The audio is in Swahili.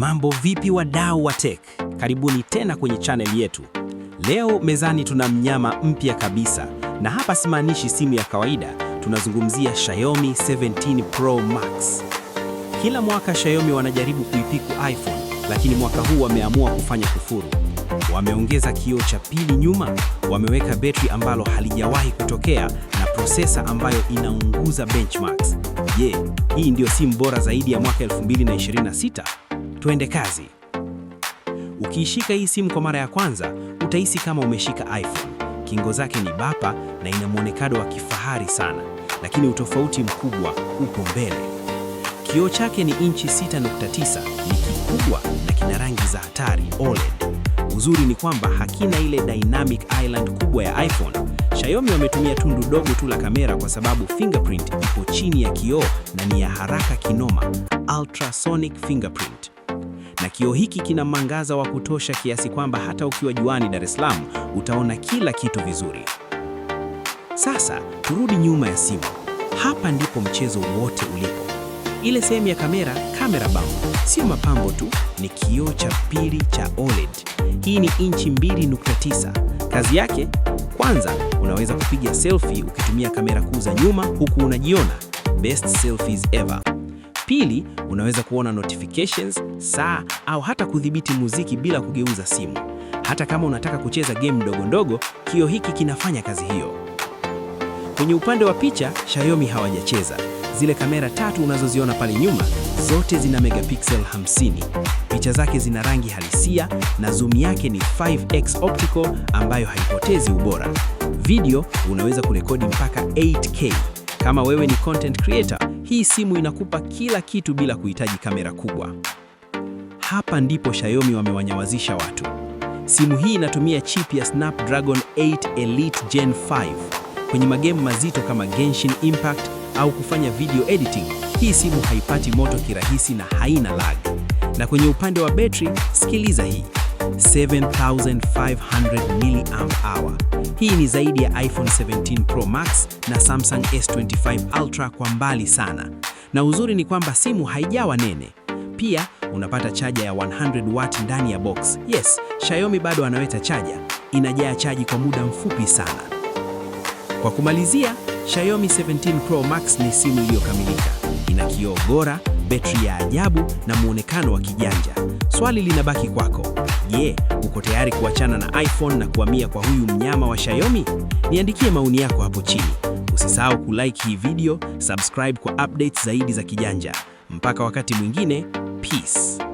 Mambo vipi wadau wa tech, karibuni tena kwenye chaneli yetu. Leo mezani tuna mnyama mpya kabisa, na hapa simaanishi simu ya kawaida, tunazungumzia Xiaomi 17 Pro Max. Kila mwaka Xiaomi wanajaribu kuipiku iPhone, lakini mwaka huu wameamua kufanya kufuru. Wameongeza kioo cha pili nyuma, wameweka betri ambalo halijawahi kutokea na prosesa ambayo inaunguza benchmarks. Je, yeah, hii ndiyo simu bora zaidi ya mwaka 2026? Twende kazi. Ukiishika hii simu kwa mara ya kwanza, utahisi kama umeshika iPhone. Kingo zake ni bapa na ina mwonekano wa kifahari sana, lakini utofauti mkubwa upo mbele. Kioo chake ni inchi 6.9, ni kikubwa na kina rangi za hatari OLED. Uzuri ni kwamba hakina ile dynamic island kubwa ya iPhone. Xiaomi wametumia tundu dogo tu la kamera kwa sababu fingerprint ipo chini ya kioo na ni ya haraka kinoma, ultrasonic fingerprint na kioo hiki kina mwangaza wa kutosha kiasi kwamba hata ukiwa juani Dar es Salaam utaona kila kitu vizuri. Sasa turudi nyuma ya simu. Hapa ndipo mchezo wote ulipo. Ile sehemu ya kamera, kamera bump. sio mapambo tu, ni kioo cha pili cha OLED. Hii ni inchi 2.9. Kazi yake kwanza, unaweza kupiga selfie ukitumia kamera kuu za nyuma huku unajiona. Best selfies ever. Pili, unaweza kuona notifications, saa au hata kudhibiti muziki bila kugeuza simu. Hata kama unataka kucheza game ndogo ndogo, kio hiki kinafanya kazi hiyo. Kwenye upande wa picha, Xiaomi hawajacheza. Zile kamera tatu unazoziona pale nyuma zote zina megapixel 50. Picha zake zina rangi halisia na zoom yake ni 5x optical ambayo haipotezi ubora. Video unaweza kurekodi mpaka 8K. Kama wewe ni content creator, hii simu inakupa kila kitu bila kuhitaji kamera kubwa. Hapa ndipo Xiaomi wamewanyawazisha watu. Simu hii inatumia chip ya Snapdragon 8 Elite Gen 5 kwenye magemu mazito kama Genshin Impact au kufanya video editing. Hii simu haipati moto kirahisi na haina lag. Na kwenye upande wa betri, sikiliza hii. 7500 milliamp hour. Hii ni zaidi ya iPhone 17 Pro Max na Samsung S25 Ultra kwa mbali sana. Na uzuri ni kwamba simu haijawa nene. Pia unapata chaja ya 100 watt ndani ya box. Yes, Xiaomi bado anaweta chaja, inajaa chaji kwa muda mfupi sana. Kwa kumalizia, Xiaomi 17 Pro Max ni simu iliyokamilika, ina kioo bora betri ya ajabu na muonekano wa kijanja. Swali linabaki kwako. Je, uko tayari kuachana na iPhone na kuhamia kwa huyu mnyama wa Xiaomi? Niandikie maoni yako hapo chini. Usisahau kulike hii video, subscribe kwa updates zaidi za kijanja. Mpaka wakati mwingine, peace.